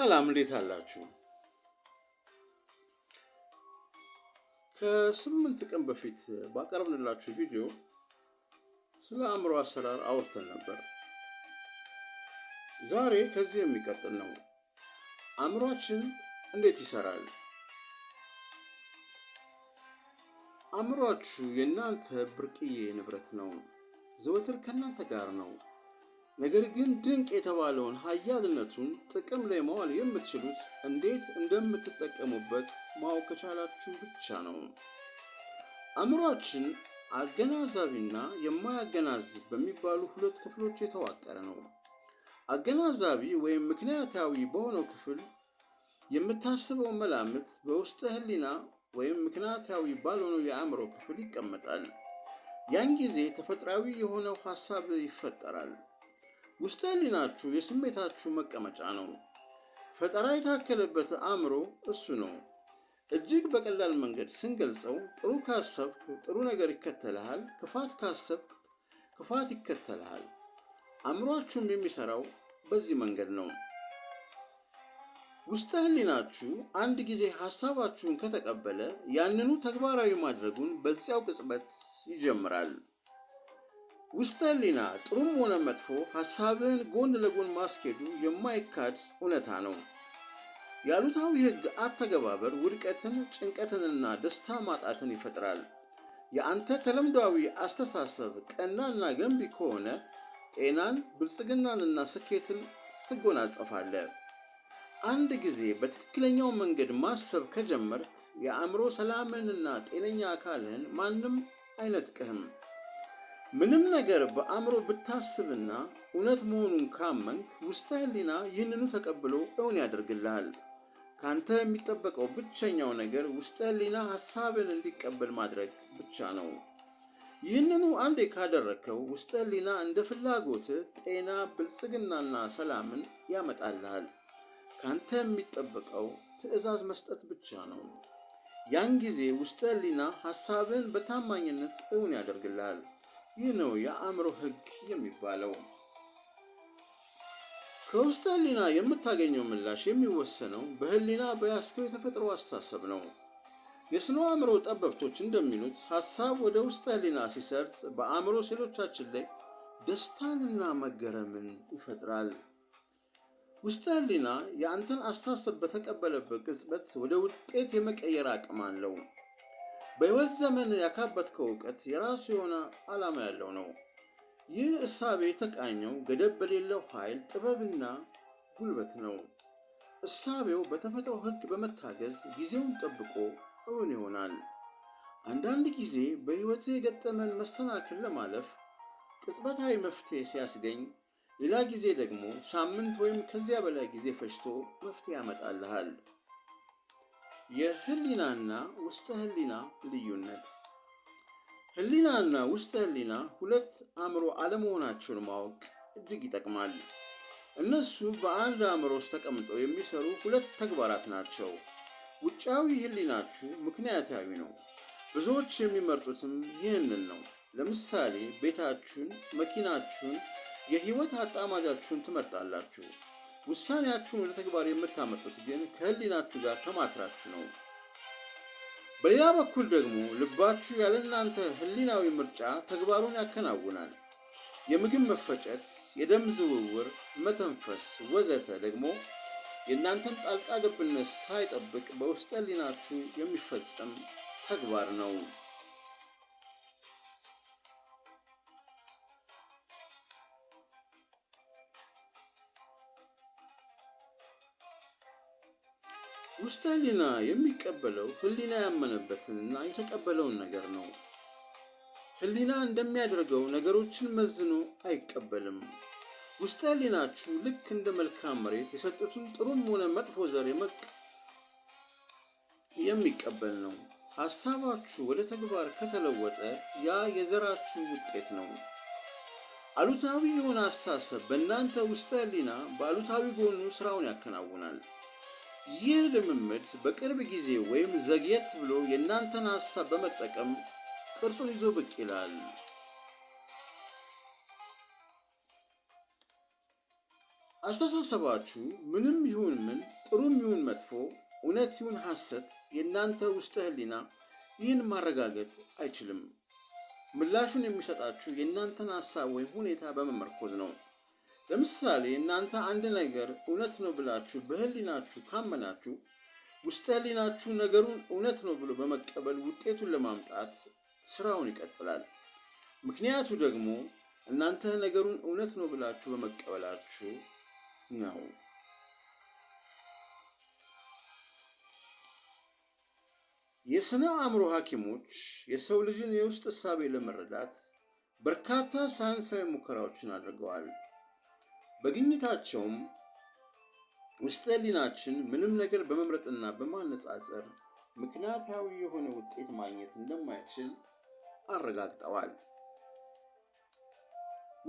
ሰላም እንዴት አላችሁ? ከስምንት ቀን በፊት ባቀረብንላችሁ ቪዲዮ ስለ አእምሮ አሰራር አውርተን ነበር። ዛሬ ከዚህ የሚቀጥል ነው። አእምሯችን እንዴት ይሰራል? አእምሯችሁ የእናንተ ብርቅዬ ንብረት ነው። ዘወትር ከእናንተ ጋር ነው። ነገር ግን ድንቅ የተባለውን ኃያልነቱን ጥቅም ላይ መዋል የምትችሉት እንዴት እንደምትጠቀሙበት ማወቅ ከቻላችሁ ብቻ ነው። አእምሯችን አገናዛቢና የማያገናዝብ በሚባሉ ሁለት ክፍሎች የተዋቀረ ነው። አገናዛቢ ወይም ምክንያታዊ በሆነው ክፍል የምታስበው መላምት በውስጠ ህሊና ወይም ምክንያታዊ ባልሆነው የአእምሮ ክፍል ይቀመጣል። ያን ጊዜ ተፈጥሯዊ የሆነው ሀሳብ ይፈጠራል። ውስጠ ህሊናችሁ የስሜታችሁ መቀመጫ ነው። ፈጠራ የታከለበት አእምሮ እሱ ነው። እጅግ በቀላል መንገድ ስንገልጸው ጥሩ ካሰብክ ጥሩ ነገር ይከተልሃል፣ ክፋት ካሰብክ ክፋት ይከተልሃል። አእምሯችሁም የሚሰራው በዚህ መንገድ ነው። ውስጠ ህሊናችሁ አንድ ጊዜ ሀሳባችሁን ከተቀበለ ያንኑ ተግባራዊ ማድረጉን በዚያው ቅጽበት ይጀምራል። ውስጠ ህሊና ጥሩም ሆነ መጥፎ ሀሳብን ጎን ለጎን ማስኬዱ የማይካድ እውነታ ነው። ያሉታዊ ህግ አተገባበር ውድቀትን፣ ጭንቀትንና ደስታ ማጣትን ይፈጥራል። የአንተ ተለምዷዊ አስተሳሰብ ቀናና ገንቢ ከሆነ ጤናን፣ ብልጽግናንና ስኬትን ትጎናጸፋለህ። አንድ ጊዜ በትክክለኛው መንገድ ማሰብ ከጀመር የአእምሮ ሰላምንና ጤነኛ አካልህን ማንም አይነጥቅህም። ምንም ነገር በአእምሮ ብታስብና እውነት መሆኑን ካመንክ ውስጠ ህሊና ይህንኑ ተቀብሎ እውን ያደርግልሃል። ካንተ የሚጠበቀው ብቸኛው ነገር ውስጠ ህሊና ሀሳብን እንዲቀበል ማድረግ ብቻ ነው። ይህንኑ አንዴ ካደረግከው ውስጠ ህሊና እንደ ፍላጎት ጤና፣ ብልጽግናና ሰላምን ያመጣልሃል። ካንተ የሚጠበቀው ትዕዛዝ መስጠት ብቻ ነው። ያን ጊዜ ውስጠ ህሊና ሀሳብን በታማኝነት እውን ያደርግልሃል። ይህ ነው የአእምሮ ህግ የሚባለው። ከውስተ ህሊና የምታገኘው ምላሽ የሚወሰነው በህሊና በያዝከው የተፈጥሮ አስተሳሰብ ነው። የስነ አእምሮ ጠበብቶች እንደሚሉት ሀሳብ ወደ ውስጠ ህሊና ሲሰርጽ በአእምሮ ሴሎቻችን ላይ ደስታንና መገረምን ይፈጥራል። ውስጠ ህሊና የአንተን አስተሳሰብ በተቀበለበት ቅጽበት ወደ ውጤት የመቀየር አቅም አለው። በሕይወት ዘመን ያካበትከው እውቀት የራሱ የሆነ ዓላማ ያለው ነው። ይህ እሳቤ የተቃኘው ገደብ በሌለው ኃይል ጥበብና ጉልበት ነው። እሳቤው በተፈጥሮ ሕግ በመታገዝ ጊዜውን ጠብቆ እውን ይሆናል። አንዳንድ ጊዜ በሕይወት የገጠመን መሰናክል ለማለፍ ቅጽበታዊ መፍትሄ ሲያስገኝ፣ ሌላ ጊዜ ደግሞ ሳምንት ወይም ከዚያ በላይ ጊዜ ፈጅቶ መፍትሄ ያመጣልሃል። የህሊናና ውስጥ ህሊና ልዩነት ህሊናና ውስጥ ህሊና ሁለት አእምሮ አለመሆናቸውን ማወቅ እጅግ ይጠቅማል። እነሱ በአንድ አእምሮ ውስጥ ተቀምጠው የሚሰሩ ሁለት ተግባራት ናቸው። ውጫዊ ህሊናችሁ ምክንያታዊ ነው። ብዙዎች የሚመርጡትም ይህንን ነው። ለምሳሌ ቤታችሁን፣ መኪናችሁን፣ የህይወት አጣማጃችሁን ትመርጣላችሁ። ውሳኔያችሁን ወደ ተግባር የምታመጡት ግን ከህሊናችሁ ጋር ከማትራችሁ ነው። በሌላ በኩል ደግሞ ልባችሁ ያለ እናንተ ህሊናዊ ምርጫ ተግባሩን ያከናውናል። የምግብ መፈጨት፣ የደም ዝውውር፣ መተንፈስ ወዘተ ደግሞ የእናንተን ጣልቃ ገብነት ሳይጠብቅ በውስጠ ህሊናችሁ የሚፈጸም ተግባር ነው። ክርስትና የሚቀበለው ያመነበትን ያመነበትንና የተቀበለውን ነገር ነው። ህሊና እንደሚያደርገው ነገሮችን መዝኖ አይቀበልም። ውስጠ ልክ እንደ መልካም መሬት የሰጡትን ጥሩም ሆነ መጥፎ ዘር የሚቀበል ነው። ሀሳባችሁ ወደ ተግባር ከተለወጠ ያ የዘራችሁ ውጤት ነው። አሉታዊ የሆነ አስተሳሰብ በእናንተ ውስጠ ሕሊና በአሉታዊ ጎኑ ስራውን ያከናውናል። ይህ ልምምድ በቅርብ ጊዜ ወይም ዘግየት ብሎ የእናንተን ሀሳብ በመጠቀም ቅርጹን ይዞ ብቅ ይላል። አስተሳሰባችሁ ምንም ይሁን ምን፣ ጥሩም ይሁን መጥፎ፣ እውነት ይሁን ሐሰት፣ የእናንተ ውስጥ ህሊና ይህን ማረጋገጥ አይችልም። ምላሹን የሚሰጣችሁ የእናንተን ሀሳብ ወይም ሁኔታ በመመርኮዝ ነው። ለምሳሌ እናንተ አንድ ነገር እውነት ነው ብላችሁ በህሊናችሁ ካመናችሁ ውስጥ ህሊናችሁ ነገሩን እውነት ነው ብሎ በመቀበል ውጤቱን ለማምጣት ስራውን ይቀጥላል። ምክንያቱ ደግሞ እናንተ ነገሩን እውነት ነው ብላችሁ በመቀበላችሁ ነው። የስነ አእምሮ ሐኪሞች የሰው ልጅን የውስጥ እሳቤ ለመረዳት በርካታ ሳይንሳዊ ሙከራዎችን አድርገዋል። በግኝታቸውም ውስጥ ህሊናችን ምንም ነገር በመምረጥና በማነጻጸር ምክንያታዊ የሆነ ውጤት ማግኘት እንደማይችል አረጋግጠዋል።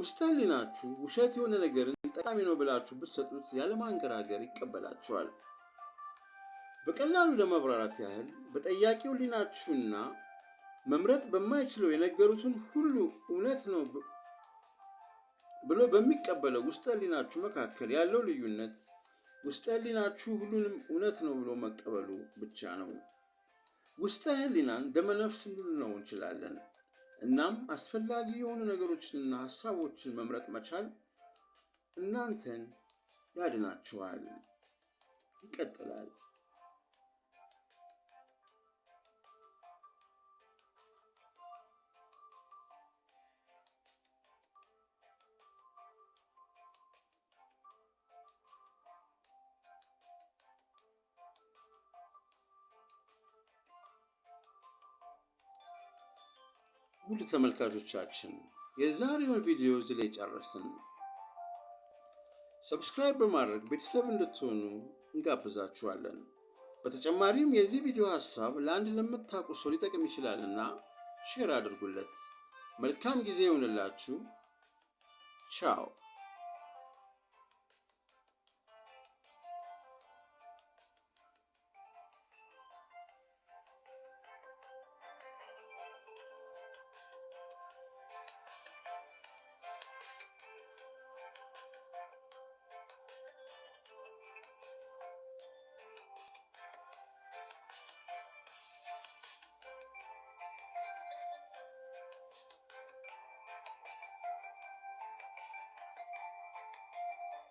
ውስጥ ህሊናችሁ ውሸት የሆነ ነገርን ጠቃሚ ነው ብላችሁ ብትሰጡት ያለማንገራገር ይቀበላችኋል። በቀላሉ ለማብራራት ያህል በጠያቂው ህሊናችሁና መምረጥ በማይችለው የነገሩትን ሁሉ እውነት ነው ብሎ በሚቀበለው ውስጠ ህሊናችሁ መካከል ያለው ልዩነት ውስጠ ህሊናችሁ ሁሉንም እውነት ነው ብሎ መቀበሉ ብቻ ነው። ውስጠ ህሊናን ደመነፍስ ልንለው እንችላለን። እናም አስፈላጊ የሆኑ ነገሮችንና ሀሳቦችን መምረጥ መቻል እናንተን ያድናችኋል። ይቀጥላል። ውድ ተመልካቾቻችን የዛሬውን ቪዲዮ እዚህ ላይ ጨረስን። ሰብስክራይብ በማድረግ ቤተሰብ እንድትሆኑ እንጋብዛችኋለን። በተጨማሪም የዚህ ቪዲዮ ሀሳብ ለአንድ ለምታውቁ ሰው ሊጠቅም ይችላልና ሼር አድርጉለት። መልካም ጊዜ የሆንላችሁ ቻው